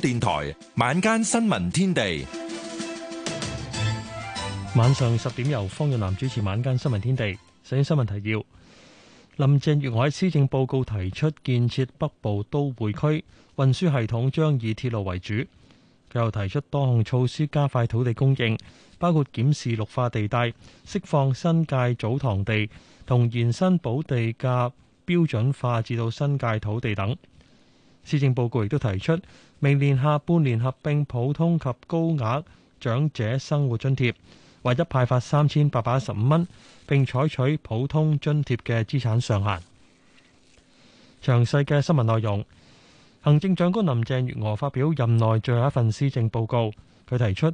電台晚間新聞天地，晚上十點由方潤南主持。晚間新聞天地首先新聞提要：林鄭月娥施政報告提出建設北部都會區運輸系統，將以鐵路為主。佢又提出多項措施加快土地供應，包括檢視綠化地帶、釋放新界祖堂地、同延伸補地價標準化至到新界土地等。施政報告亦都提出。明年下半年合併普通及高額長者生活津貼，或者派發三千八百一十五蚊。並採取普通津貼嘅資產上限。詳細嘅新聞內容，行政長官林鄭月娥發表任內最後一份施政報告。佢提出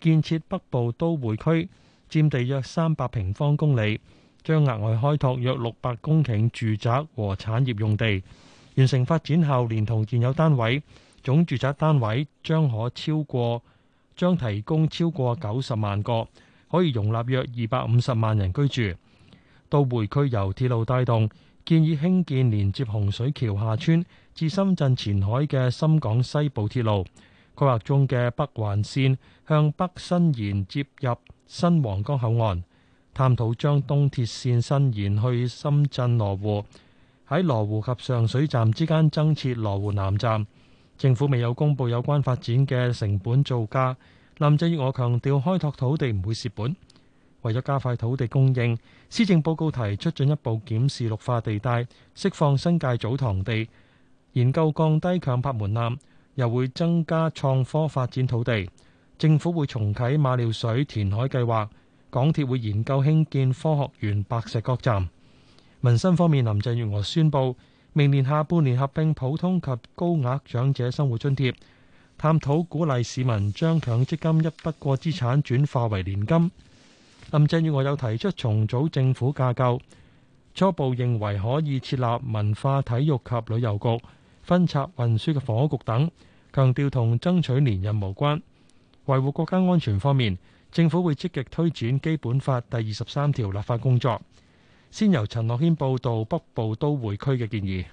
建設北部都會區佔地約三百平方公里，將額外開拓約六百公頃住宅和產業用地。完成發展後連同現有單位。總住宅單位將可超過，將提供超過九十萬個，可以容納約二百五十萬人居住。都會區由鐵路帶動，建議興建連接洪水橋廈村至深圳前海嘅深港西部鐵路。規劃中嘅北環線向北伸延，接入新皇崗口岸，探討將東鐵線伸延去深圳羅湖。喺羅湖及上水站之間增設羅湖南站。政府未有公布有關發展嘅成本造價。林鄭月娥強調，開拓土地唔會蝕本。為咗加快土地供應，施政報告提出進一步檢視綠化地帶，釋放新界祖堂地，研究降低強拍門檻，又會增加創科發展土地。政府會重啟馬料水填海計劃，港鐵會研究興建科學園白石角站。民生方面，林鄭月娥宣布，明年下半年合併普通及高額長者生活津貼，探討鼓勵市民將強積金一筆過資產轉化為年金。林鄭月娥又提出重組政府架構，初步認為可以設立文化體育及旅遊局，分拆運輸嘅房屋局等，強調同爭取連任無關。維護國家安全方面，政府會積極推展《基本法》第二十三條立法工作。先由陳樂軒報道北部都會區嘅建議。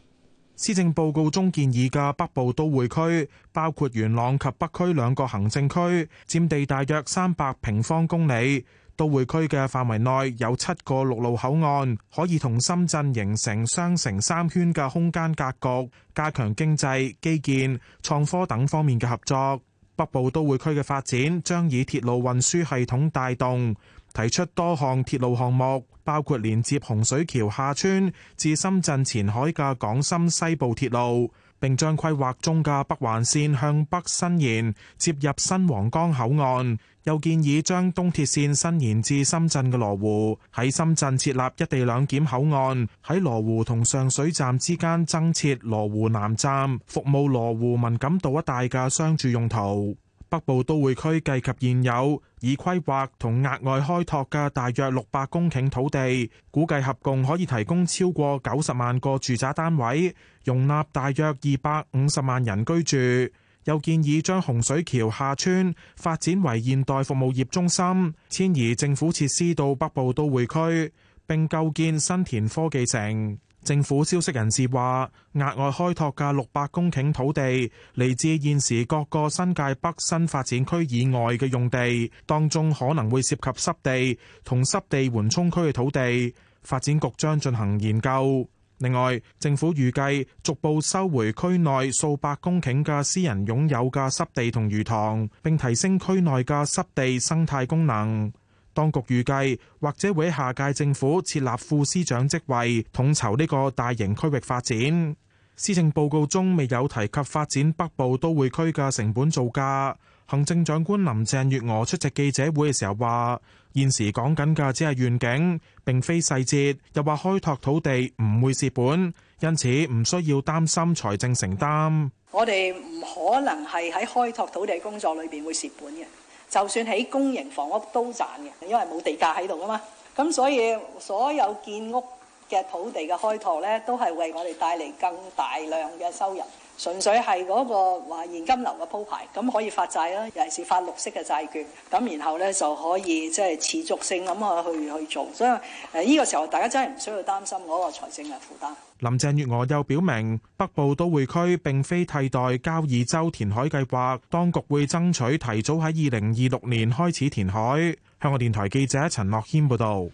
施政報告中建議嘅北部都會區包括元朗及北區兩個行政區，佔地大約三百平方公里。都會區嘅範圍內有七個陸路口岸，可以同深圳形成雙城三圈嘅空間格局，加強經濟、基建、創科等方面嘅合作。北部都會區嘅發展將以鐵路運輸系統帶動。提出多項鐵路項目，包括連接洪水橋廈村至深圳前海嘅港深西部鐵路，並將規劃中嘅北環線向北伸延，接入新皇崗口岸。又建議將東鐵線伸延至深圳嘅羅湖，喺深圳設立一地兩檢口岸，喺羅湖同上水站之間增設羅湖南站，服務羅湖文錦渡一帶嘅商住用途。北部都會區計及現有，以規劃同額外開拓嘅大約六百公頃土地，估計合共可以提供超過九十萬個住宅單位，容納大約二百五十萬人居住。又建議將洪水橋下村發展為現代服務業中心，遷移政府設施到北部都會區，並構建新田科技城。政府消息人士話，額外開拓嘅六百公頃土地嚟自現時各個新界北新發展區以外嘅用地，當中可能會涉及濕地同濕地緩衝區嘅土地，發展局將進行研究。另外，政府預計逐步收回區內數百公頃嘅私人擁有嘅濕地同魚塘，並提升區內嘅濕地生態功能。當局預計，或者會喺下屆政府設立副司長職位，統籌呢個大型區域發展。施政報告中未有提及發展北部都會區嘅成本造價。行政長官林鄭月娥出席記者會嘅時候話：現時講緊嘅只係願景，並非細節。又話開拓土地唔會蝕本，因此唔需要擔心財政承擔。我哋唔可能係喺開拓土地工作裏邊會蝕本嘅。就算起公營房屋都賺嘅，因為冇地價喺度吖嘛，咁所以所有建屋嘅土地嘅開拓呢，都係為我哋帶嚟更大量嘅收入。純粹係嗰個話現金流嘅鋪排，咁可以發債啦，尤其是發綠色嘅債券，咁然後咧就可以即係持續性咁啊去去做，所以誒呢個時候大家真係唔需要擔心嗰個財政嘅負擔。林鄭月娥又表明，北部都會區並非替代交椅洲填海計劃，當局會爭取提早喺二零二六年開始填海。香港電台記者陳樂軒報導。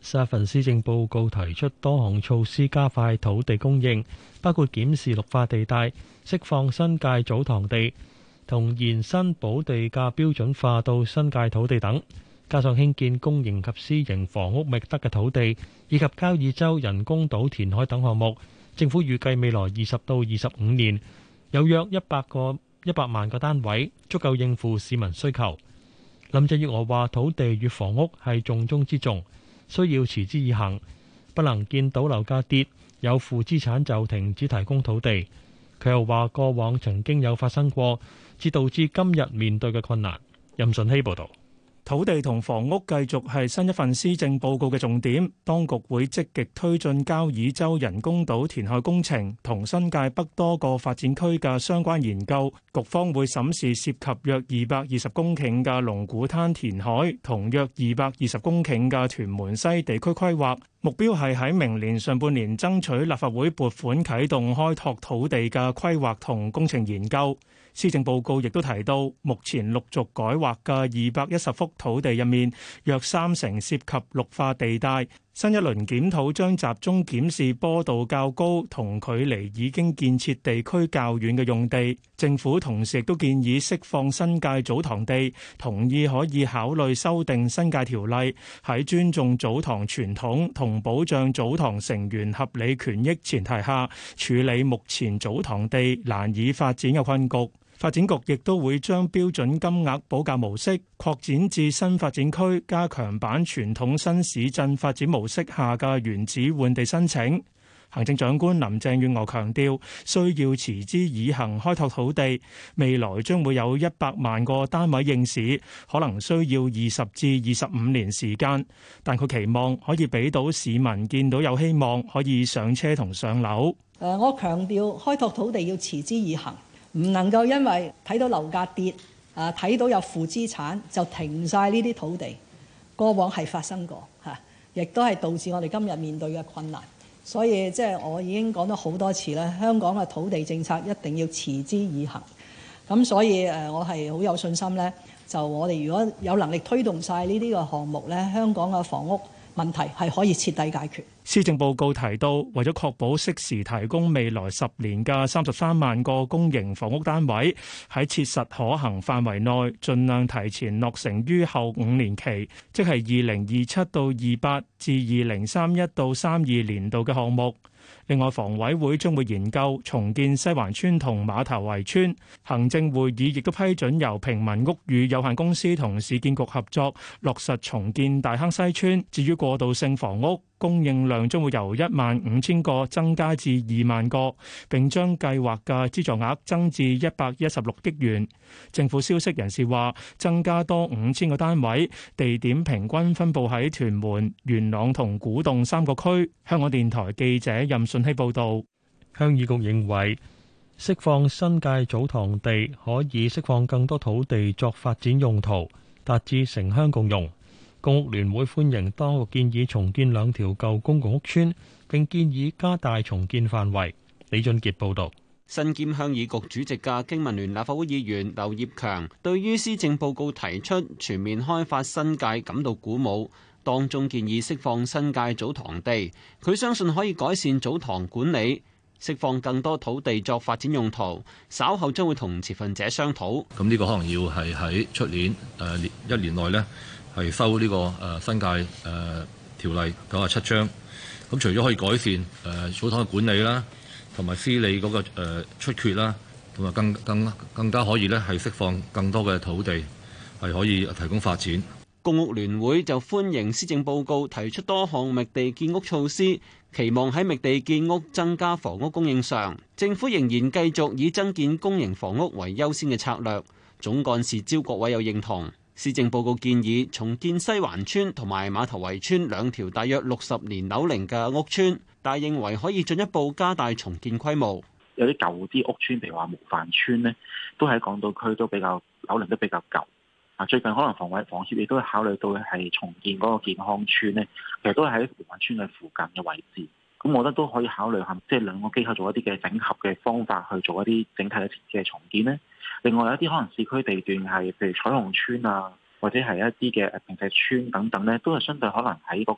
沙份施政報告提出多項措施，加快土地供應，包括檢視綠化地帶、釋放新界祖堂地、同延伸補地價標準化到新界土地等，加上興建公營及私營房屋，覓得嘅土地以及交椅洲人工島填海等項目。政府預計未來二十到二十五年有約一百個一百萬個單位，足夠應付市民需求。林鄭月娥話：土地與房屋係重中之重。需要持之以恆，不能見到樓價跌，有負資產就停止提供土地。佢又話：過往曾經有發生過，至導致今日面對嘅困難。任順希報導。土地同房屋繼續係新一份施政報告嘅重點，當局會積極推進交椅洲人工島填海工程，同新界北多個發展區嘅相關研究。局方會審視涉及約二百二十公頃嘅龍鼓灘填海，同約二百二十公頃嘅屯門西地區規劃。目標係喺明年上半年爭取立法會撥款，啟動開拓土地嘅規劃同工程研究。施政報告亦都提到，目前陸續改劃嘅二百一十幅土地入面，約三成涉及綠化地帶。新一輪檢討將集中檢視坡度較高同距離已經建設地區較遠嘅用地。政府同時亦都建議釋放新界祖堂地，同意可以考慮修訂新界條例，喺尊重祖堂傳統同保障祖堂成員合理權益前提下，處理目前祖堂地難以發展嘅困局。發展局亦都會將標準金額補價模式擴展至新發展區，加強版傳統新市鎮發展模式下嘅原址換地申請。行政長官林鄭月娥強調，需要持之以恒開拓土地，未來將會有一百萬個單位應市，可能需要二十至二十五年時間。但佢期望可以俾到市民見到有希望可以上車同上樓。誒，我強調開拓土地要持之以恒。唔能夠因為睇到樓價跌啊，睇到有負資產就停晒呢啲土地。過往係發生過嚇，亦都係導致我哋今日面對嘅困難。所以即係，就是，我已經講咗好多次咧，香港嘅土地政策一定要持之以恒。咁所以誒，我係好有信心咧，就我哋如果有能力推動晒呢啲嘅項目咧，香港嘅房屋，問題係可以徹底解決。施政報告提到，為咗確保適時提供未來十年嘅三十三萬個公營房屋單位，喺切實可行範圍內，盡量提前落成於後五年期，即係二零二七到二八至二零三一到三二年度嘅項目。另外，房委會將會研究重建西環村同馬頭圍村。行政會議亦都批准由平民屋宇有限公司同市建局合作，落實重建大坑西村。至於過渡性房屋。供應量將會由一萬五千個增加至二萬個，並將計劃嘅資助額增至一百一十六億元。政府消息人士話，增加多五千個單位，地點平均分布喺屯門、元朗同古洞三個區。香港電台記者任信希報道。鄉議局認為，釋放新界祖堂地可以釋放更多土地作發展用途，達至城鄉共用。公屋聯會歡迎當局建議重建兩條舊公共屋邨，並建議加大重建範圍。李俊傑報導。身兼鄉議局主席嘅經民聯立法會議員劉業強對於施政報告提出全面開發新界感到鼓舞。當中建議釋放新界祖堂地，佢相信可以改善祖堂管理，釋放更多土地作發展用途。稍後將會同持份者商討。咁呢個可能要係喺出年誒一年內呢。係收呢個誒新界誒條例九十七章，咁，除咗可以改善誒、呃、草堂嘅管理啦，同埋私理嗰個出缺啦，同埋更更更加可以咧係釋放更多嘅土地，係可以提供發展。公屋聯會就歡迎施政報告提出多項密地建屋措施，期望喺密地建屋增加房屋供應上，政府仍然繼續以增建公營房屋為優先嘅策略。總幹事招國偉有認同。施政報告建議重建西環村同埋馬頭圍村兩條大約六十年樓齡嘅屋村，但係認為可以進一步加大重建規模。有啲舊啲屋村，譬如話模範村咧，都喺港島區都比較樓齡都比較舊。啊，最近可能房委房協亦都考慮到係重建嗰個健康村咧，其實都喺模範村嘅附近嘅位置。咁我覺得都可以考慮下，即係兩個機構做一啲嘅整合嘅方法，去做一啲整體嘅重建呢。另外有一啲可能市區地段係，譬如彩虹邨啊，或者係一啲嘅平地邨等等呢，都係相對可能喺嗰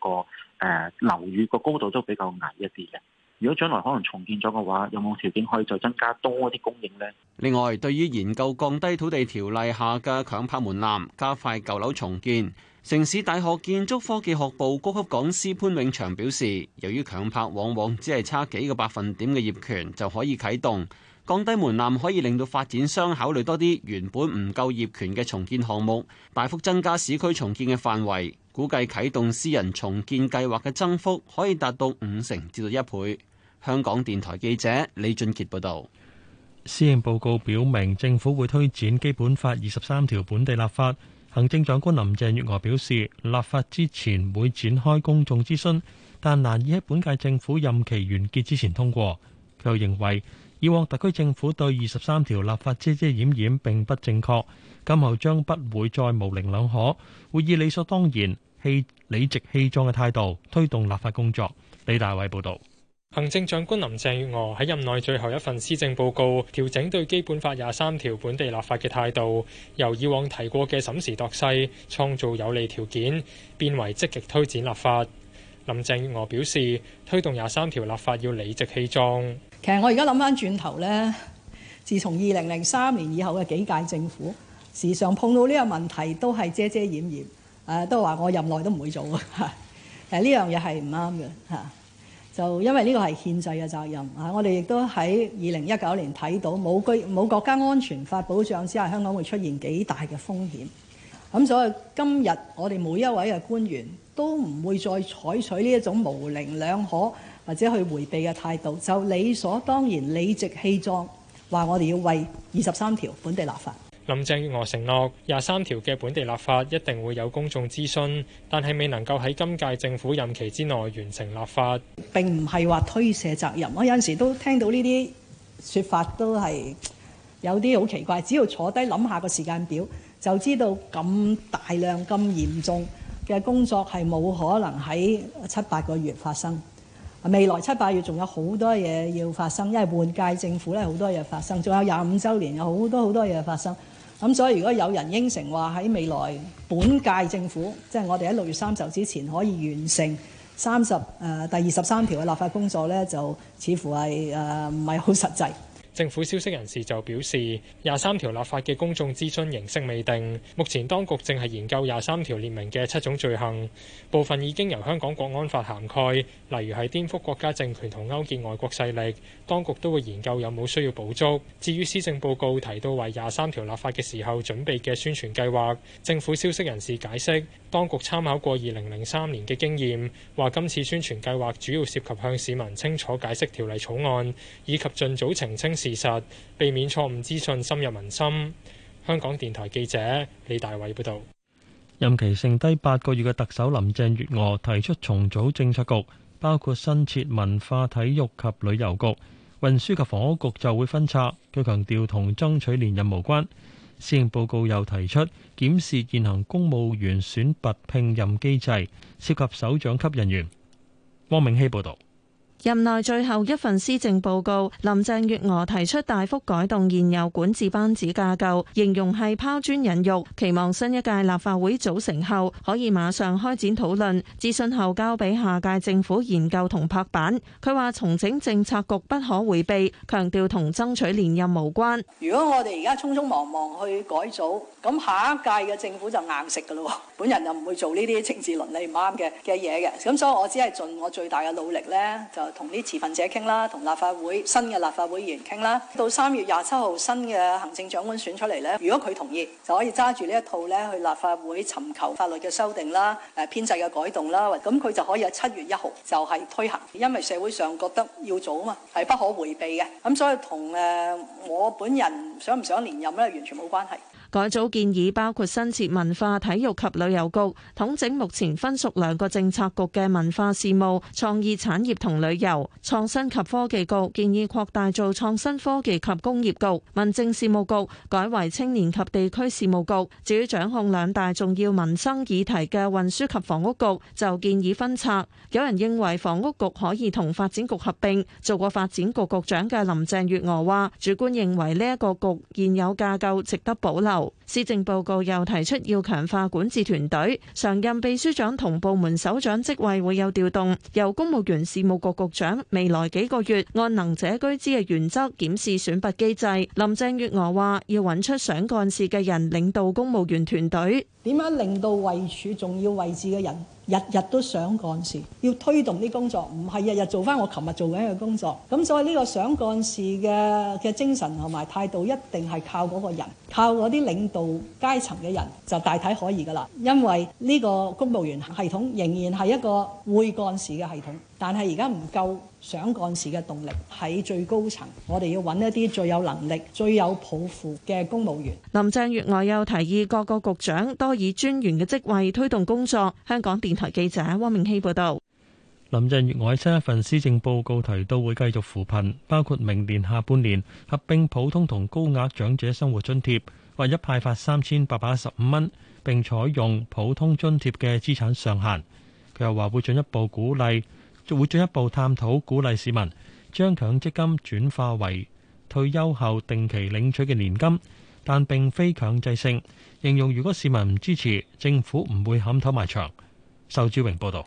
個誒樓宇個高度都比較矮一啲嘅。如果將來可能重建咗嘅話，有冇條件可以再增加多一啲供應呢？另外，對於研究降低土地條例下嘅強拍門檻，加快舊樓重建。城市大學建築科技學部高級講師潘永祥表示，由於強拍往往只係差幾個百分點嘅業權就可以啟動，降低門檻可以令到發展商考慮多啲原本唔夠業權嘅重建項目，大幅增加市區重建嘅範圍。估計啟動私人重建計劃嘅增幅可以達到五成至到一倍。香港電台記者李俊傑報道。施政報告表明，政府會推展《基本法》二十三條本地立法。行政長官林鄭月娥表示，立法之前會展開公眾諮詢，但難以喺本屆政府任期完結之前通過。佢又認為，以往特區政府對二十三條立法遮遮掩掩並不正確，今後將不會再模棱兩可，會以理所當然、氣、理直氣壯嘅態度推動立法工作。李大偉報導。行政長官林鄭月娥喺任內最後一份施政報告，調整對基本法廿三條本地立法嘅態度，由以往提過嘅審時度勢、創造有利條件，變為積極推展立法。林鄭月娥表示，推動廿三條立法要理直氣壯。其實我而家諗翻轉頭呢，自從二零零三年以後嘅幾屆政府，時常碰到呢個問題，都係遮遮掩掩，誒，都話我任內都唔會做啊。呢樣嘢係唔啱嘅吓。就因為呢個係憲制嘅責任啊！我哋亦都喺二零一九年睇到冇居冇國家安全法保障之下，香港會出現幾大嘅風險，咁、嗯、所以今日我哋每一位嘅官員都唔會再採取呢一種模稜兩可或者去回避嘅態度，就理所當然、理直氣壯話，我哋要為二十三條本地立法。林鄭月娥承諾廿三條嘅本地立法一定會有公眾諮詢，但係未能夠喺今屆政府任期之內完成立法。並唔係話推卸責任，我有陣時都聽到呢啲説法，都係有啲好奇怪。只要坐低諗下個時間表，就知道咁大量、咁嚴重嘅工作係冇可能喺七八個月發生。未來七八月仲有好多嘢要發生，因為換屆政府咧好多嘢發生，仲有廿五週年有好多好多嘢發生。咁所以如果有人應承話喺未來本屆政府，即係我哋喺六月三十號之前可以完成三十誒，第二十三條嘅立法工作咧，就似乎係誒，唔係好實際。政府消息人士就表示，廿三條立法嘅公眾諮詢形式未定，目前當局正係研究廿三條列明嘅七種罪行，部分已經由香港國安法涵蓋，例如係顛覆國家政權同勾結外國勢力，當局都會研究有冇需要補足。至於施政報告提到為廿三條立法嘅時候準備嘅宣傳計劃，政府消息人士解釋，當局參考過二零零三年嘅經驗，話今次宣傳計劃主要涉及向市民清楚解釋條例草案，以及盡早澄清。事實，避免錯誤資訊深入民心。香港電台記者李大偉報道。任期剩低八個月嘅特首林鄭月娥提出重組政策局，包括新設文化、體育及旅遊局，運輸及房屋局就會分拆。佢強調同爭取連任無關。施政報告又提出檢視現行公務員選拔聘任機制，涉及首長級人員。汪明希報導。任內最後一份施政報告，林鄭月娥提出大幅改動現有管治班子架構，形容係拋磚引玉，期望新一屆立法會組成後可以馬上開展討論，諮詢後交俾下屆政府研究同拍板。佢話重整政策局不可回避，強調同爭取連任無關。如果我哋而家匆匆忙忙去改組，咁下一屆嘅政府就硬食噶咯。本人又唔會做呢啲政治倫理唔啱嘅嘅嘢嘅，咁所以我只係盡我最大嘅努力咧就。同啲持份者傾啦，同立法會新嘅立法會議員傾啦，到三月廿七號新嘅行政長官選出嚟咧，如果佢同意，就可以揸住呢一套咧去立法會尋求法律嘅修訂啦、誒編制嘅改動啦，咁佢就可以喺七月一號就係推行，因為社會上覺得要做啊嘛，係不可迴避嘅，咁所以同誒我本人想唔想連任咧，完全冇關係。改組建議包括新設文化、體育及旅遊局，統整目前分屬兩個政策局嘅文化事務、創意產業同旅遊；創新及科技局建議擴大做創新科技及工業局；民政事務局改為青年及地區事務局。至於掌控兩大重要民生議題嘅運輸及房屋局，就建議分拆。有人認為房屋局可以同發展局合併。做過發展局局長嘅林鄭月娥話，主觀認為呢一個局現有架構值得保留。施政報告又提出要強化管治團隊，常任秘書長同部門首長職位會有調動，由公務員事務局局長未來幾個月按能者居之嘅原則檢視選拔機制。林鄭月娥話要揾出想幹事嘅人領導公務員團隊，點樣令到位處重要位置嘅人，日日都想幹事，要推動啲工作，唔係日日做返我琴日做緊嘅工作。咁所以呢個想幹事嘅嘅精神同埋態度，一定係靠嗰個人，靠嗰啲領導階層嘅人，就大體可以㗎喇。因為呢個公務員系統仍然係一個會幹事嘅系統。但係而家唔夠想幹事嘅動力喺最高層，我哋要揾一啲最有能力、最有抱負嘅公務員。林鄭月娥又提議，各個局局長多以專員嘅職位推動工作。香港電台記者汪明熙報導。林鄭月娥新一份施政報告提到，會繼續扶貧，包括明年下半年合並普通同高額長者生活津貼，劃一派發三千八百一十五蚊，並採用普通津貼嘅資產上限。佢又話會進一步鼓勵。就會進一步探討，鼓勵市民將強積金轉化為退休後定期領取嘅年金，但並非強制性。形容如果市民唔支持，政府唔會撼頭埋牆。仇志榮報導。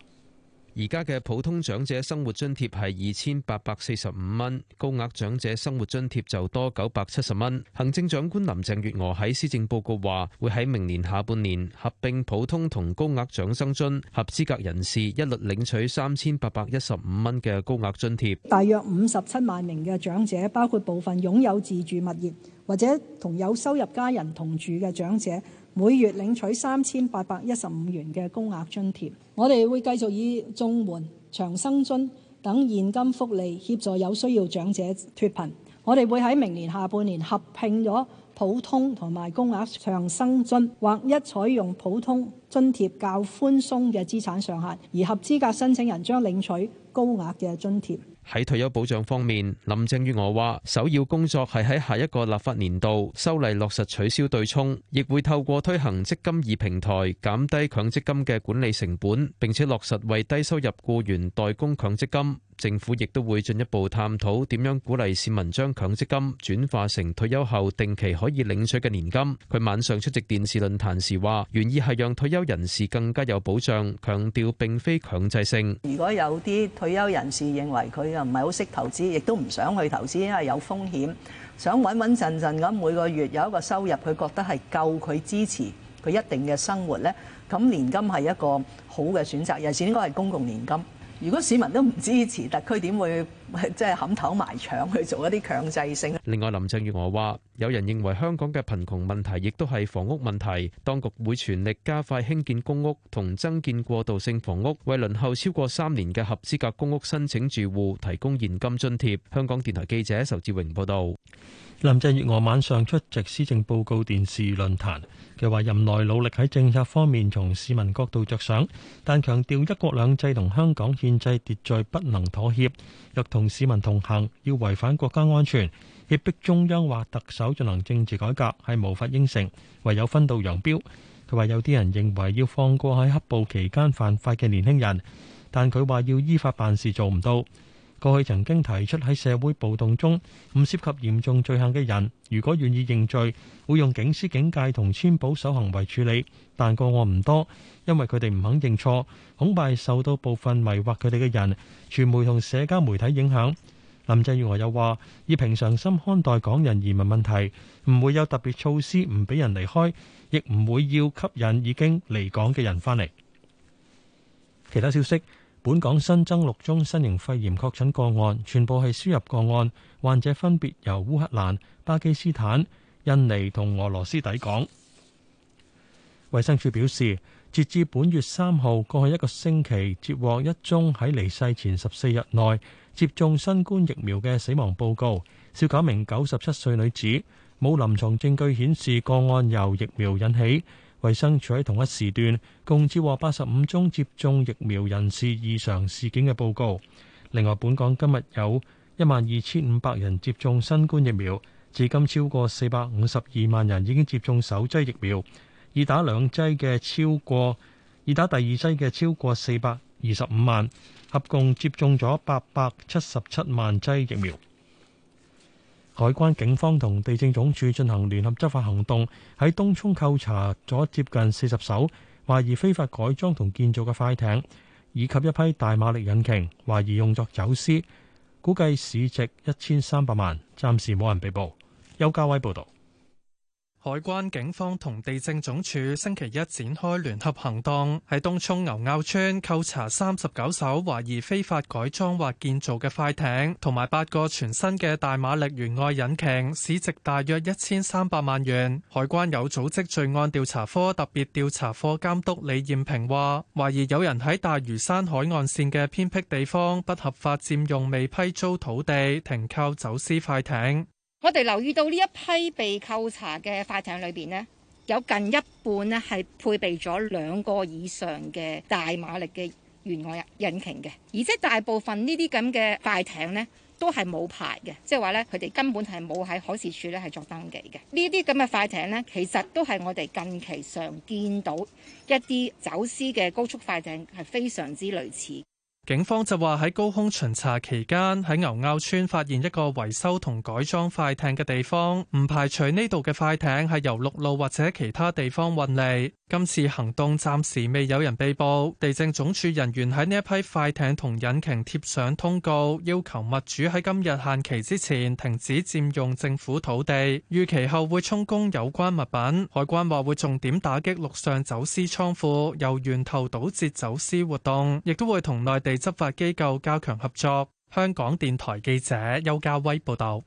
而家嘅普通長者生活津貼係二千八百四十五蚊，高額長者生活津貼就多九百七十蚊。行政長官林鄭月娥喺施政報告話，會喺明年下半年合併普通同高額長生津，合資格人士一律領取三千八百一十五蚊嘅高額津貼。大約五十七萬名嘅長者，包括部分擁有自住物業或者同有收入家人同住嘅長者。每月領取三千八百一十五元嘅高額津貼，我哋會繼續以綜援、長生津等現金福利協助有需要長者脫貧。我哋會喺明年下半年合併咗普通同埋高額長生津，或一採用普通津貼較寬鬆嘅資產上限，而合資格申請人將領取高額嘅津貼。喺退休保障方面，林鄭月娥話首要工作係喺下一個立法年度修例落實取消對沖，亦會透過推行積金易平台減低強積金嘅管理成本，並且落實為低收入僱員代供強積金。政府亦都會進一步探討點樣鼓勵市民將強積金轉化成退休後定期可以領取嘅年金。佢晚上出席電視論壇時話，原意係讓退休人士更加有保障，強調並非強制性。如果有啲退休人士認為佢又唔係好識投資，亦都唔想去投資，因為有風險。想穩穩陣陣咁每個月有一個收入，佢覺得係夠佢支持佢一定嘅生活呢。咁年金係一個好嘅選擇，尤其是應該係公共年金。如果市民都唔支持特區，點會即係冚頭埋牆去做一啲強制性？另外，林鄭月娥話：有人認為香港嘅貧窮問題亦都係房屋問題，當局會全力加快興建公屋同增建過渡性房屋，為輪候超過三年嘅合資格公屋申請住戶提供現金津貼。香港電台記者仇志榮報導。林鄭月娥晚上出席施政報告電視論壇，佢話任內努力喺政策方面從市民角度着想，但強調一國兩制同香港憲制秩序不能妥協。若同市民同行，要違反國家安全，脅迫中央或特首進行政治改革，係無法應承。唯有分道揚鑣。佢話有啲人認為要放過喺黑暴期間犯法嘅年輕人，但佢話要依法辦事，做唔到。過去曾經提出喺社會暴動中唔涉及嚴重罪行嘅人，如果願意認罪，會用警司警戒同簽保守行為處理，但個案唔多，因為佢哋唔肯認錯，恐怕受到部分迷惑佢哋嘅人、傳媒同社交媒體影響。林鄭月娥又話：以平常心看待港人移民問題，唔會有特別措施唔俾人離開，亦唔會要吸引已經離港嘅人翻嚟。其他消息。本港新增六宗新型肺炎確診個案，全部係輸入個案，患者分別由烏克蘭、巴基斯坦、印尼同俄羅斯抵港。衛生署表示，截至本月三號過去一個星期，接獲一宗喺離世前十四日內接種新冠疫苗嘅死亡報告，少九名九十七歲女子，冇臨床證據顯示個案由疫苗引起。衛生署喺同一時段共接獲八十五宗接種疫苗人士異常事件嘅報告。另外，本港今日有一萬二千五百人接種新冠疫苗，至今超過四百五十二萬人已經接種首劑疫苗，已打兩劑嘅超過，已打第二劑嘅超過四百二十五萬，合共接種咗八百七十七萬劑疫苗。海關、警方同地政總署進行聯合執法行動，喺東涌扣查咗接近四十艘懷疑非法改裝同建造嘅快艇，以及一批大馬力引擎，懷疑用作走私，估計市值一千三百萬，暫時冇人被捕。邱家威報道。海關、警方同地政總署星期一展開聯合行動，喺東涌牛坳村扣查三十九艘懷疑非法改裝或建造嘅快艇，同埋八個全新嘅大馬力舷外引擎，市值大約一千三百萬元。海關有組織罪案調查科特別調查科監督李艷平話，懷疑有人喺大嶼山海岸線嘅偏僻地方，不合法佔用未批租土地，停靠走私快艇。我哋留意到呢一批被扣查嘅快艇裏邊咧，有近一半咧係配備咗兩個以上嘅大馬力嘅舷外引擎嘅，而且大部分呢啲咁嘅快艇咧都係冇牌嘅，即係話咧佢哋根本係冇喺海事處咧係作登記嘅。呢啲咁嘅快艇咧，其實都係我哋近期常見到一啲走私嘅高速快艇，係非常之類似。警方就話喺高空巡查期間，喺牛坳村發現一個維修同改裝快艇嘅地方，唔排除呢度嘅快艇係由陸路或者其他地方運嚟。今次行動暫時未有人被捕，地政總署人員喺呢一批快艇同引擎貼上通告，要求物主喺今日限期之前停止佔用政府土地，逾期後會充公有關物品。海關話會重點打擊陸上走私倉庫，由源頭堵截走私活動，亦都會同內地執法機構加強合作。香港電台記者邱家威報道。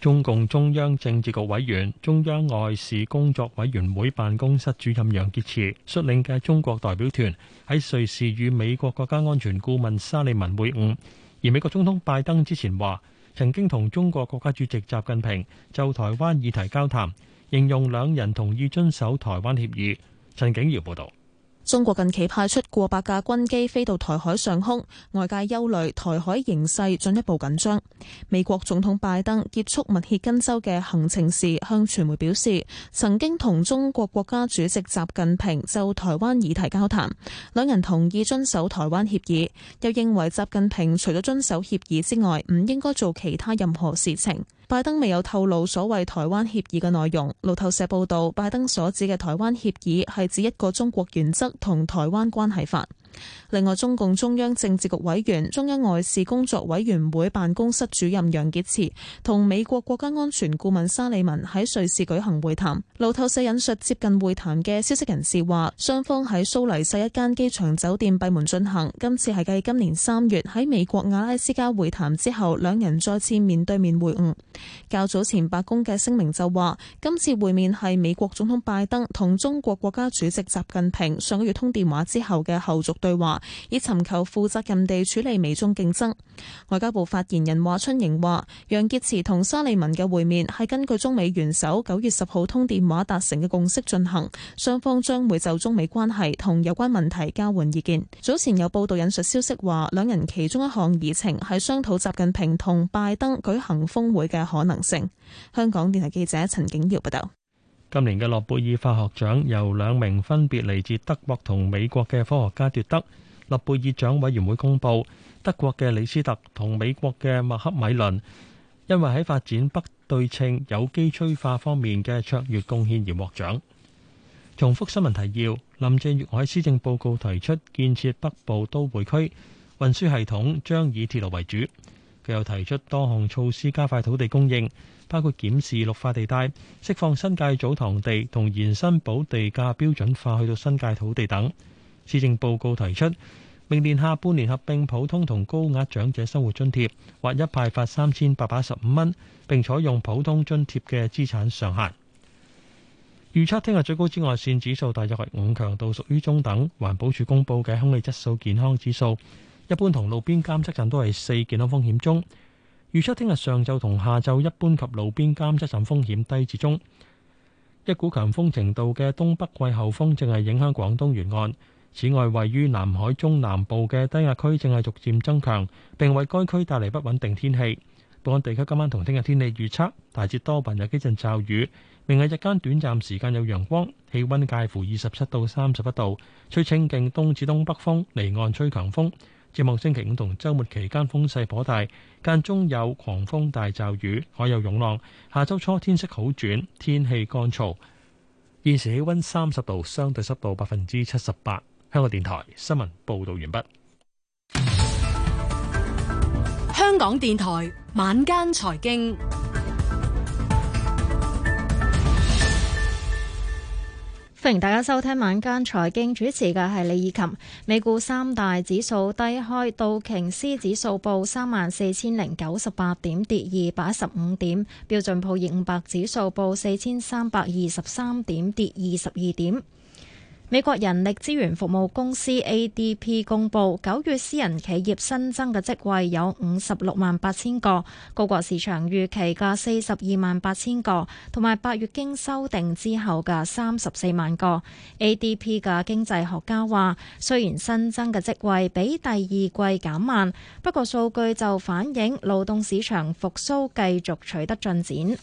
中共中央政治局委員、中央外事工作委員會辦公室主任楊潔篪率領嘅中國代表團喺瑞士與美國國家安全顧問沙利文會晤，而美國總統拜登之前話曾經同中國國家主席習近平就台灣議題交談，形容兩人同意遵守台灣協議。陳景瑤報道。中國近期派出過百架軍機飛到台海上空，外界憂慮台海形勢進一步緊張。美國總統拜登結束密歇根州嘅行程時，向傳媒表示，曾經同中國國家主席習近平就台灣議題交談，兩人同意遵守台灣協議，又認為習近平除咗遵守協議之外，唔應該做其他任何事情。拜登未有透露所謂台灣協議嘅內容。路透社報導，拜登所指嘅台灣協議係指一個中國原則同台灣關係法。另外，中共中央政治局委員、中央外事工作委員會辦公室主任楊潔篪同美國國家安全顧問沙利文喺瑞士舉行會談。路透社引述接近會談嘅消息人士話，雙方喺蘇黎世一間機場酒店閉門進行。今次係繼今年三月喺美國阿拉斯加會談之後，兩人再次面對面會晤。較早前，白宮嘅聲明就話，今次會面係美國總統拜登同中國國家主席習近平上個月通電話之後嘅後續。對話以尋求負責任地處理美中競爭。外交部發言人華春瑩話：楊潔篪同沙利文嘅會面係根據中美元首九月十號通電話達成嘅共識進行，雙方將會就中美關係同有關問題交換意見。早前有報道引述消息話，兩人其中一項議程係商討習近平同拜登舉行峰會嘅可能性。香港電台記者陳景耀報道。今年嘅諾貝爾化學獎由兩名分別嚟自德國同美國嘅科學家奪得。諾貝爾獎委員會公布，德國嘅李斯特同美國嘅麥克米倫，因為喺發展不對稱有機催化方面嘅卓越貢獻而獲獎。重複新聞提要：林鄭月娥喺施政報告提出建設北部都會區，運輸系統將以鐵路為主。佢又提出多項措施加快土地供應。包括檢視綠化地帶、釋放新界祖堂地同延伸補地價標準化，去到新界土地等。施政報告提出，明年下半年合並普通同高額長者生活津貼，或一派發三千八百一十五蚊，並採用普通津貼嘅資產上限。預測聽日最高紫外線指數大約係五強度，屬於中等。環保署公佈嘅空氣質素健康指數，一般同路邊監測站都係四健康風險中。預測聽日上晝同下晝一般，及路邊監測站風險低至中。一股強風程度嘅東北季候風正係影響廣東沿岸。此外，位於南海中南部嘅低壓區正係逐漸增強，並為該區帶嚟不穩定天氣。本港地區今晚同聽日天氣預測，大致多雲有幾陣驟雨。明日日間短暫時間有陽光，氣温介乎二十七到三十一度，吹清勁東至東北風，離岸吹強風。展望星期五同周末期間風勢頗大，間中有狂風大驟雨，海有湧浪。下周初天色好轉，天氣乾燥。現時氣溫三十度，相對濕度百分之七十八。香港電台新聞報道完畢。香港電台晚間財經。歡迎大家收聽晚間財經，主持嘅係李以琴。美股三大指數低開，道瓊斯指數報三萬四千零九十八點，跌二百一十五點；標準普爾五百指數報四千三百二十三點，跌二十二點。美國人力資源服務公司 ADP 公布，九月私人企業新增嘅職位有五十六萬八千個，高過市場預期嘅四十二萬八千個，同埋八月經修訂之後嘅三十四萬個。ADP 嘅經濟學家話，雖然新增嘅職位比第二季減慢，不過數據就反映勞動市場復蘇繼續取得進展。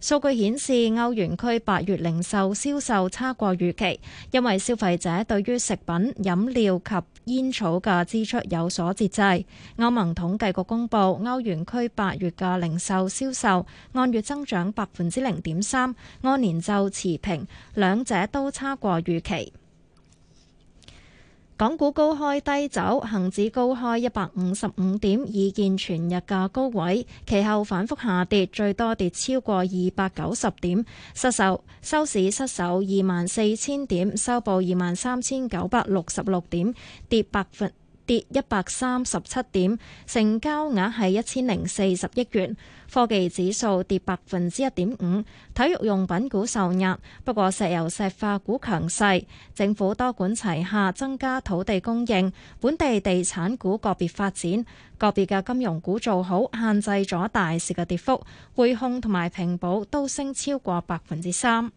數據顯示，歐元區八月零售銷售，售差過預期，因為消費者對於食品、飲料及煙草嘅支出有所節制。歐盟統計局公布，歐元區八月嘅零售銷售按月增長百分之零點三，按年就持平，兩者都差過預期。港股高開低走，恒指高開一百五十五點，已見全日嘅高位，其後反覆下跌，最多跌超過二百九十點，失守，收市失守二萬四千點，收報二萬三千九百六十六點，跌百分。跌一百三十七點，成交額係一千零四十億元。科技指數跌百分之一點五。體育用品股受壓，不過石油石化股強勢。政府多管齊下，增加土地供應，本地地產股個別發展，個別嘅金融股做好，限制咗大市嘅跌幅。匯控同埋平保都升超過百分之三。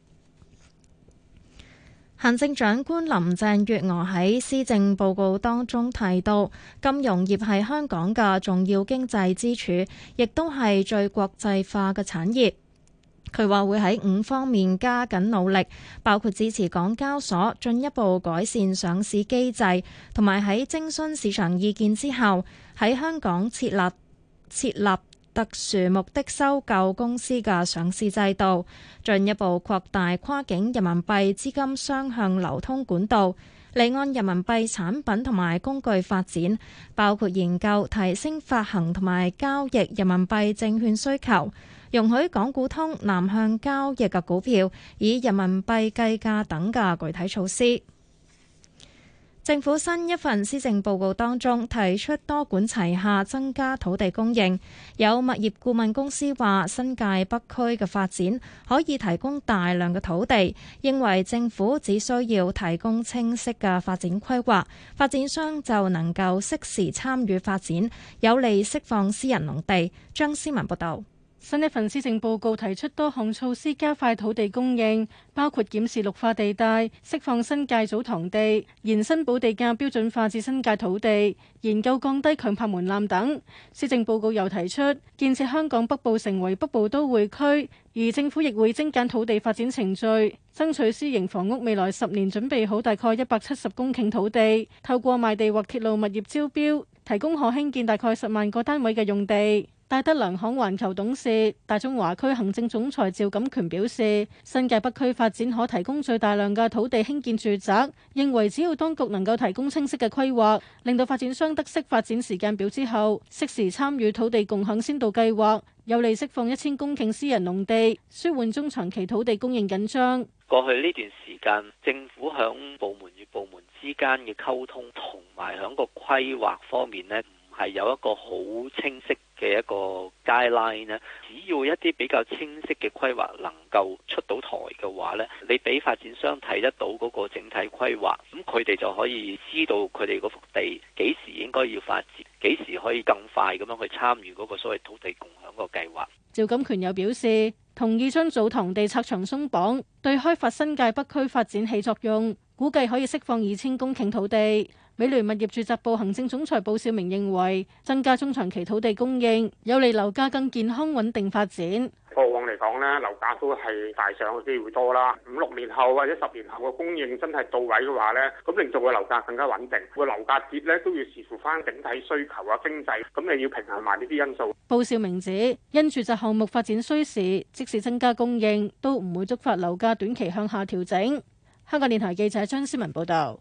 行政長官林鄭月娥喺施政報告當中提到，金融業係香港嘅重要經濟支柱，亦都係最國際化嘅產業。佢話會喺五方面加緊努力，包括支持港交所進一步改善上市機制，同埋喺徵詢市場意見之後，喺香港設立設立特殊目的收購公司嘅上市制度，進一步擴大跨境人民幣資金雙向流通管道，離岸人民幣產品同埋工具發展，包括研究提升發行同埋交易人民幣證券需求，容許港股通南向交易嘅股票以人民幣計價等嘅具體措施。政府新一份施政報告當中提出多管齊下增加土地供應，有物業顧問公司話新界北區嘅發展可以提供大量嘅土地，認為政府只需要提供清晰嘅發展規劃，發展商就能夠適時參與發展，有利釋放私人農地。張思文報道。新一份施政報告提出多項措施加快土地供應，包括檢視綠化地帶、釋放新界祖堂地、延伸補地價標準化至新界土地、研究降低強拍門檻等。施政報告又提出建設香港北部成為北部都會區，而政府亦會精簡土地發展程序，爭取私營房屋未來十年準備好大概一百七十公頃土地，透過賣地或鐵路物業招標，提供可興建大概十萬個單位嘅用地。大德良行環球董事、大中華區行政總裁趙錦權表示，新界北區發展可提供最大量嘅土地興建住宅，認為只要當局能夠提供清晰嘅規劃，令到發展商得悉發展時間表之後，適時參與土地共享先導計劃，有利釋放一千公頃私人農地，舒緩中長期土地供應緊張。過去呢段時間，政府響部門與部門之間嘅溝通同埋響個規劃方面咧。係有一個好清晰嘅一個 guideline 咧，只要一啲比較清晰嘅規劃能夠出到台嘅話咧，你俾發展商睇得到嗰個整體規劃，咁佢哋就可以知道佢哋嗰幅地幾時應該要發展，幾時可以更快咁樣去參與嗰個所謂土地共享個計劃。趙錦權又表示，同意將祖堂地拆牆鬆綁，對開發新界北區發展起作用，估計可以釋放二千公頃土地。美聯物業住宅部行政總裁鮑少明認為，增加中長期土地供應有利樓價更健康穩定發展。過往嚟講呢，樓價都係大上嘅機會多啦，五六年後或者十年後嘅供應真係到位嘅話呢，噉令到個樓價更加穩定。個樓價跌呢，都要視乎返整體需求呀、經濟，噉你要平衡埋呢啲因素。鮑少明指，因住宅項目發展需時，即使增加供應都唔會觸發樓價短期向下調整。香港電台記者張思文報道。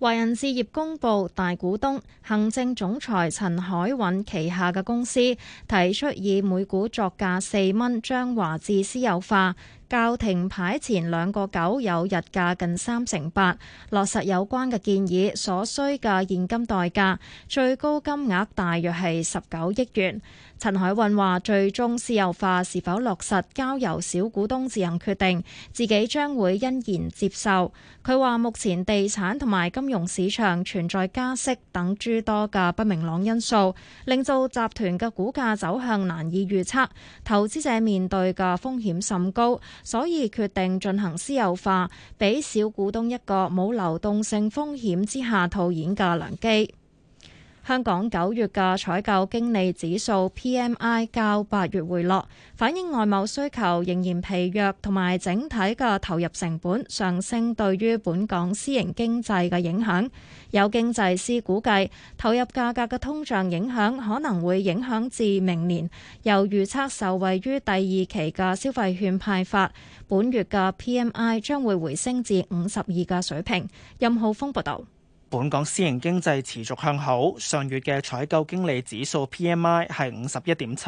華人置業公布，大股東、行政總裁陳海韻旗下嘅公司提出以每股作價四蚊將華置私有化，較停牌前兩個九溢價近三成八。落實有關嘅建議所需嘅現金代價最高金額大約係十九億元。陳海韻話：最終私有化是否落實，交由小股東自行決定。自己將會欣然接受。佢話目前地產同埋金融市場存在加息等諸多嘅不明朗因素，令到集團嘅股價走向難以預測，投資者面對嘅風險甚高，所以決定進行私有化，俾小股東一個冇流動性風險之下套現嘅良機。香港九月嘅採購經理指數 PMI 較八月回落，反映外貿需求仍然疲弱，同埋整體嘅投入成本上升對於本港私營經濟嘅影響，有經濟師估計投入價格嘅通脹影響可能會影響至明年。由預測受惠於第二期嘅消費券派發，本月嘅 PMI 將會回升至五十二嘅水平。任浩峰報道。本港私營經濟持續向好，上月嘅採購經理指數 PMI 係五十一點七，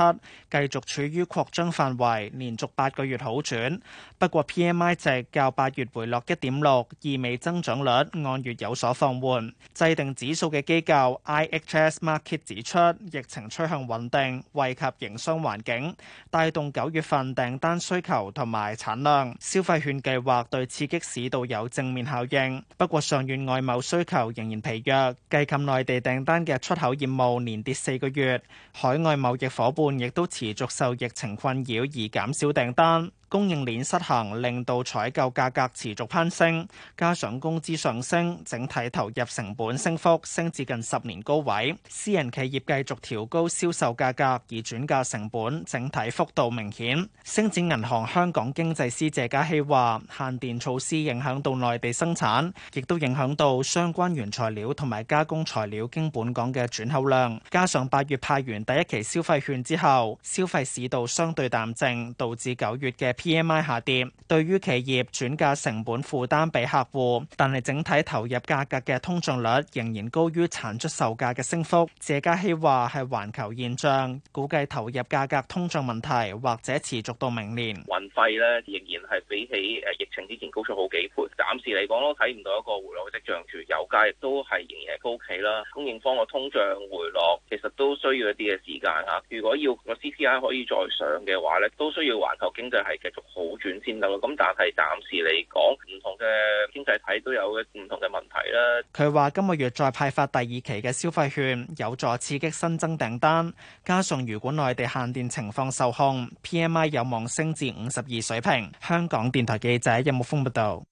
繼續處於擴張範圍，連續八個月好轉。不過 PMI 值較八月回落一點六，意味增長率按月有所放緩。製定指數嘅機構 IHS Markit 指出，疫情趨向穩定，惠及營商環境，帶動九月份訂單需求同埋產量。消費券計劃對刺激市道有正面效應。不過上月外貿需求。仍然疲弱，計及內地訂單嘅出口業務連跌四個月，海外貿易夥伴亦都持續受疫情困擾而減少訂單。供應鏈失衡令到採購價格持續攀升，加上工資上升，整體投入成本升幅升至近十年高位。私人企業繼續調高銷售價格而轉嫁成本，整體幅度明顯。星展銀行香港經濟師謝家希話：限電措施影響到內地生產，亦都影響到相關原材料同埋加工材料經本港嘅轉口量。加上八月派完第一期消費券之後，消費市道相對淡靜，導致九月嘅 P.M.I. 下跌，對於企業轉嫁成本負擔俾客戶，但係整體投入價格嘅通脹率仍然高於產出售價嘅升幅。謝家希話係環球現象，估計投入價格通脹問題或者持續到明年。運費咧仍然係比起誒疫情之前高出好幾倍，暫時嚟講咯睇唔到一個回落嘅跡象，住油價亦都係仍然係高企啦。供應方個通脹回落其實都需要一啲嘅時間嚇。如果要個 C.P.I. 可以再上嘅話咧，都需要環球經濟係。繼續好轉先等，咁，但係暫時嚟講，唔同嘅經濟體都有嘅唔同嘅問題啦。佢話今個月再派發第二期嘅消費券，有助刺激新增訂單，加上如果內地限電情況受控，P M I 有望升至五十二水平。香港電台記者任木峰報道。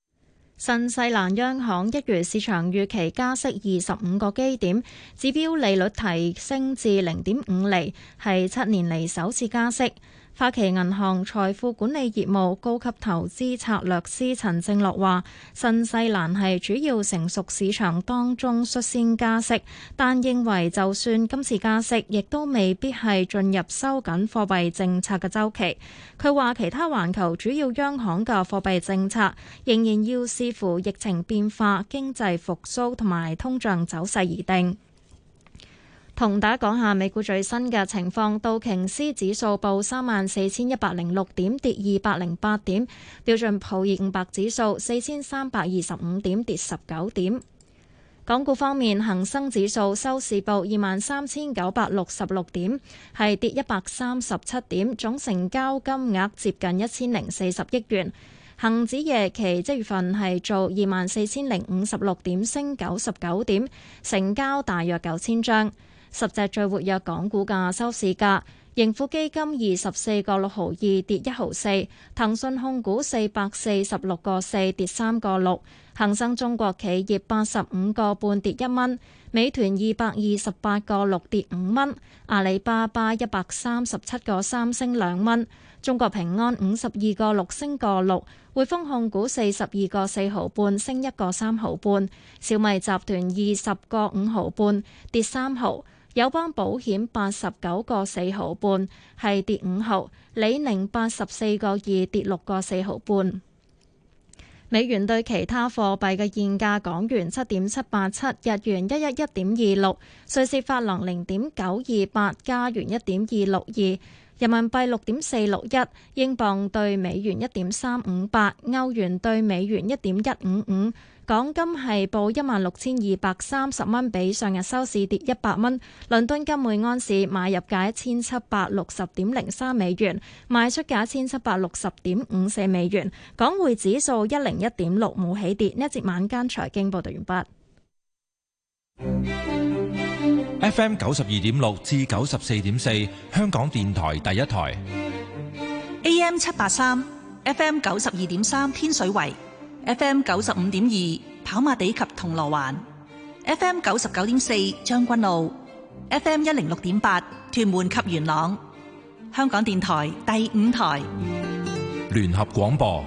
新西蘭央行一如市場預期加息二十五個基點，指標利率提升至零點五厘，係七年嚟首次加息。花旗銀行財富管理業務高級投資策略師陳正樂話，新西蘭係主要成熟市場當中率先加息，但認為就算今次加息，亦都未必係進入收緊貨幣政策嘅周期。佢話其他環球主要央行嘅貨幣政策仍然要視乎疫情變化、經濟復甦同埋通脹走勢而定。同大家講下美股最新嘅情況，道瓊斯指數報三萬四千一百零六點，跌二百零八點；標準普爾五百指數四千三百二十五點，跌十九點。港股方面，恒生指數收市報二萬三千九百六十六點，係跌一百三十七點，總成交金額接近一千零四十億元。恒指夜期即月份係做二萬四千零五十六點，升九十九點，成交大約九千張。十隻最活躍港股嘅收市價：盈富基金二十四個六毫二，跌一毫四。騰訊控股四百四十六個四，跌三個六。恒生中國企業八十五個半，跌一蚊。美團二百二十八個六，跌五蚊。阿里巴巴一百三十七個三，升兩蚊。中國平安五十二個六，升個六。匯豐控股四十二個四毫半，升一個三毫半。小米集團二十個五毫半，跌三毫。友邦保險八十九個四毫半，係跌五毫。李寧八十四個二跌六個四毫半。美元對其他貨幣嘅現價：港元七點七八七，日元一一一點二六，瑞士法郎零點九二八，加元一點二六二，人民幣六點四六一，英鎊對美元一點三五八，歐元對美元一點一五五。港金係報一萬六千二百三十蚊，比上日收市跌一百蚊。倫敦金每安士買入價一千七百六十點零三美元，賣出價一千七百六十點五四美元。港匯指數一零一點六，冇起跌。呢一節晚間財經報道完畢。F M 九十二點六至九十四點四，香港電台第一台。A M 七八三，F M 九十二點三，天水圍。FM 95.2跑馬地及銅鑼灣，FM 99.4將軍澳，FM 106.8屯門及元朗，香港電台第五台聯合廣播。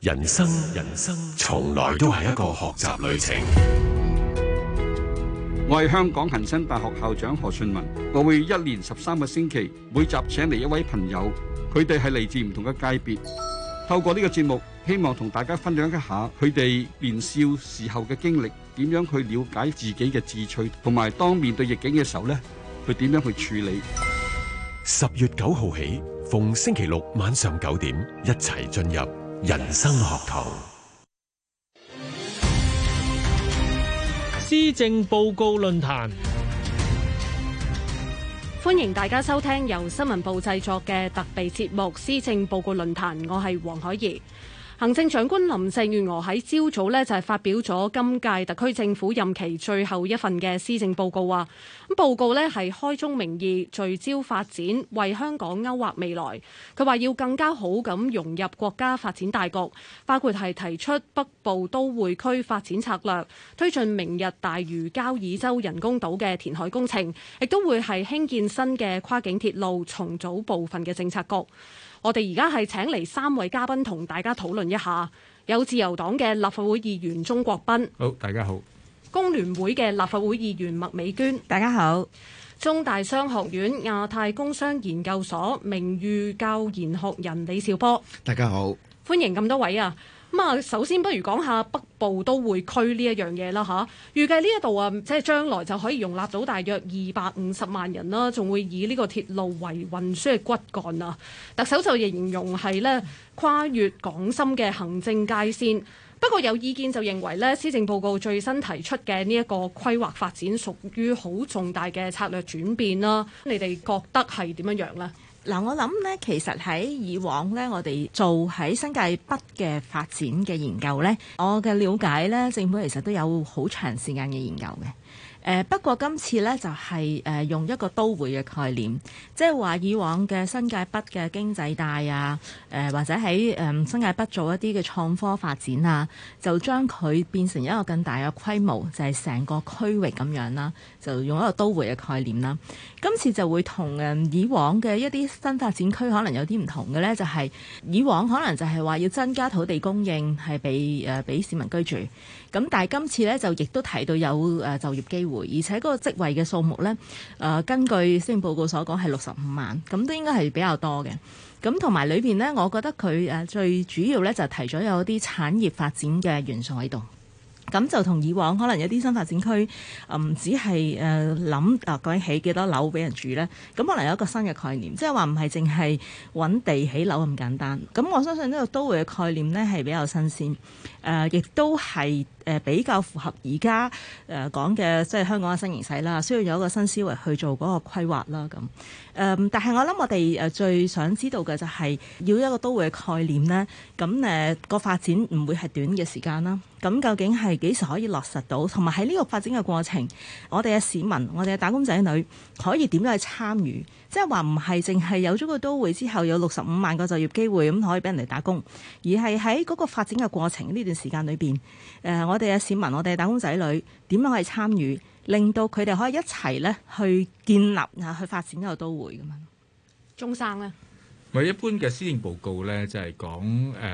人生，人生從來都係一個學習旅程。我係香港恒生大學校長何順文。我會一連十三個星期，每集請嚟一位朋友，佢哋係嚟自唔同嘅界別，透過呢個節目，希望同大家分享一下佢哋年少時候嘅經歷，點樣去了解自己嘅智趣，同埋當面對逆境嘅時候呢佢點樣去處理。十月九號起，逢星期六晚上九點，一齊進入人生學堂。施政報告論壇，歡迎大家收聽由新聞部製作嘅特備節目《施政報告論壇》，我係黃海怡。行政長官林鄭月娥喺朝早呢，就係發表咗今屆特區政府任期最後一份嘅施政報告，啊，咁報告呢，係開宗明義聚焦發展，為香港勾畫未來。佢話要更加好咁融入國家發展大局，包括係提出北部都會區發展策略，推進明日大嶼交椅洲人工島嘅填海工程，亦都會係興建新嘅跨境鐵路，重組部分嘅政策局。我哋而家係請嚟三位嘉賓同大家討論一下，有自由黨嘅立法會議員鍾國斌，好，大家好；工聯會嘅立法會議員麥美娟，大家好；中大商學院亞太工商研究所名譽教研學人李兆波，大家好。歡迎咁多位啊！咁啊，首先不如講下北部都會區呢一樣嘢啦嚇。預計呢一度啊，即係將來就可以容納到大約二百五十萬人啦，仲會以呢個鐵路為運輸嘅骨幹啊。特首就形容係呢跨越港深嘅行政界線。不過有意見就認為呢，施政報告最新提出嘅呢一個規劃發展屬於好重大嘅策略轉變啦。你哋覺得係點樣樣呢？嗱，我諗咧，其實喺以往咧，我哋做喺新界北嘅發展嘅研究咧，我嘅了解咧，政府其實都有好長時間嘅研究嘅。誒、呃、不過今次呢，就係、是、誒、呃、用一個都會嘅概念，即係話以往嘅新界北嘅經濟帶啊，誒、呃、或者喺誒、嗯、新界北做一啲嘅創科發展啊，就將佢變成一個更大嘅規模，就係、是、成個區域咁樣啦，就用一個都會嘅概念啦。今次就會同誒、嗯、以往嘅一啲新發展區可能有啲唔同嘅呢，就係、是、以往可能就係話要增加土地供應，係俾誒俾市民居住，咁但係今次呢，就亦都提到有誒就業機會。而且嗰個職位嘅數目呢，誒、呃、根據施政報告所講係六十五萬，咁都應該係比較多嘅。咁同埋裏邊呢，我覺得佢誒最主要呢就是、提咗有啲產業發展嘅元素喺度。咁就同以往可能有啲新發展區唔止係誒諗誒究竟起幾多樓俾人住呢。咁可能有一個新嘅概念，即係話唔係淨係揾地起樓咁簡單。咁我相信呢個都會嘅概念呢係比較新鮮。誒、呃，亦都係誒、呃、比較符合而家誒講嘅，即係香港嘅新形勢啦，需要有一個新思維去做嗰個規劃啦。咁誒、嗯，但係我諗我哋誒最想知道嘅就係要一個都會嘅概念咧。咁誒個發展唔會係短嘅時間啦。咁、嗯、究竟係幾時可以落實到？同埋喺呢個發展嘅過程，我哋嘅市民，我哋嘅打工仔女可以點樣去參與？即係話唔係淨係有咗個都會之後有六十五萬個就業機會，咁可以俾人哋打工，而係喺嗰個發展嘅過程呢段時間裏邊，誒、呃、我哋嘅市民、我哋嘅打工仔女點樣可以參與，令到佢哋可以一齊咧去建立啊去發展個都會咁樣？中生咧、啊，我一般嘅施政報告咧就係、是、講誒。呃